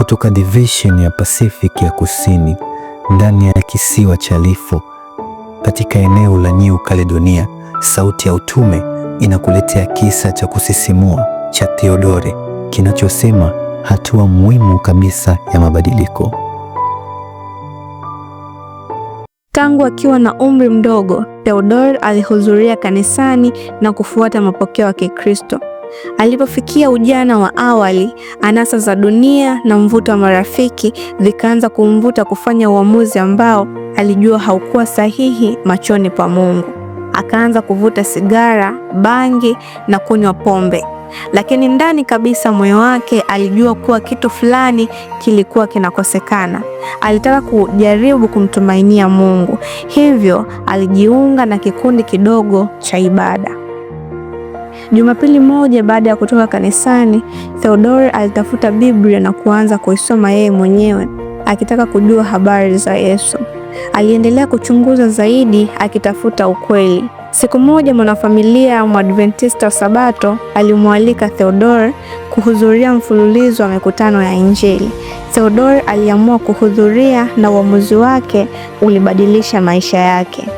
kutoka division ya Pacific ya Kusini ndani ya kisiwa cha Lifo katika eneo la New Caledonia. Sauti ya Utume inakuletea kisa cha kusisimua cha Theodore kinachosema hatua muhimu kabisa ya mabadiliko. Tangu akiwa na umri mdogo, Theodore alihudhuria kanisani na kufuata mapokeo ya Kikristo. Alipofikia ujana wa awali, anasa za dunia na mvuto wa marafiki vikaanza kumvuta kufanya uamuzi ambao alijua haukuwa sahihi machoni pa Mungu. Akaanza kuvuta sigara, bangi na kunywa pombe, lakini ndani kabisa moyo wake alijua kuwa kitu fulani kilikuwa kinakosekana. Alitaka kujaribu kumtumainia Mungu, hivyo alijiunga na kikundi kidogo cha ibada. Jumapili moja baada ya kutoka kanisani, Theodore alitafuta Biblia na kuanza kuisoma yeye mwenyewe akitaka kujua habari za Yesu. Aliendelea kuchunguza zaidi akitafuta ukweli. Siku moja mwanafamilia Mwadventista wa Sabato alimwalika Theodore kuhudhuria mfululizo wa mikutano ya Injili. Theodore aliamua kuhudhuria na uamuzi wake ulibadilisha maisha yake.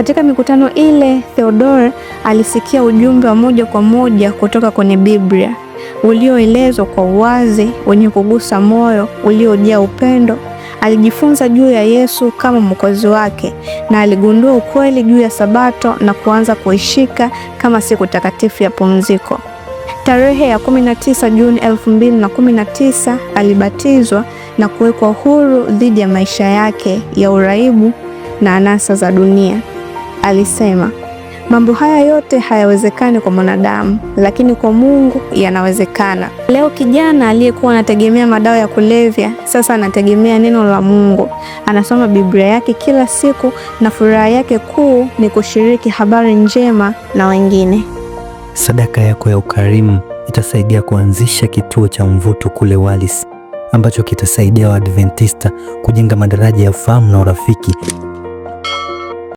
Katika mikutano ile, Theodore alisikia ujumbe wa moja kwa moja kutoka kwenye Biblia ulioelezwa kwa uwazi, wenye kugusa moyo, uliojaa upendo. Alijifunza juu ya Yesu kama mwokozi wake na aligundua ukweli juu ya Sabato na kuanza kuishika kama siku takatifu ya pumziko. Tarehe ya 19 Juni 2019 alibatizwa na kuwekwa huru dhidi ya maisha yake ya uraibu na anasa za dunia alisema, mambo haya yote hayawezekani kwa mwanadamu, lakini kwa Mungu yanawezekana. Leo kijana aliyekuwa anategemea madawa ya kulevya sasa anategemea neno la Mungu, anasoma Biblia yake kila siku, na furaha yake kuu ni kushiriki habari njema na wengine. Sadaka yako ya ukarimu itasaidia kuanzisha kituo cha mvuto kule Wallis ambacho kitasaidia Waadventista kujenga madaraja ya ufahamu na urafiki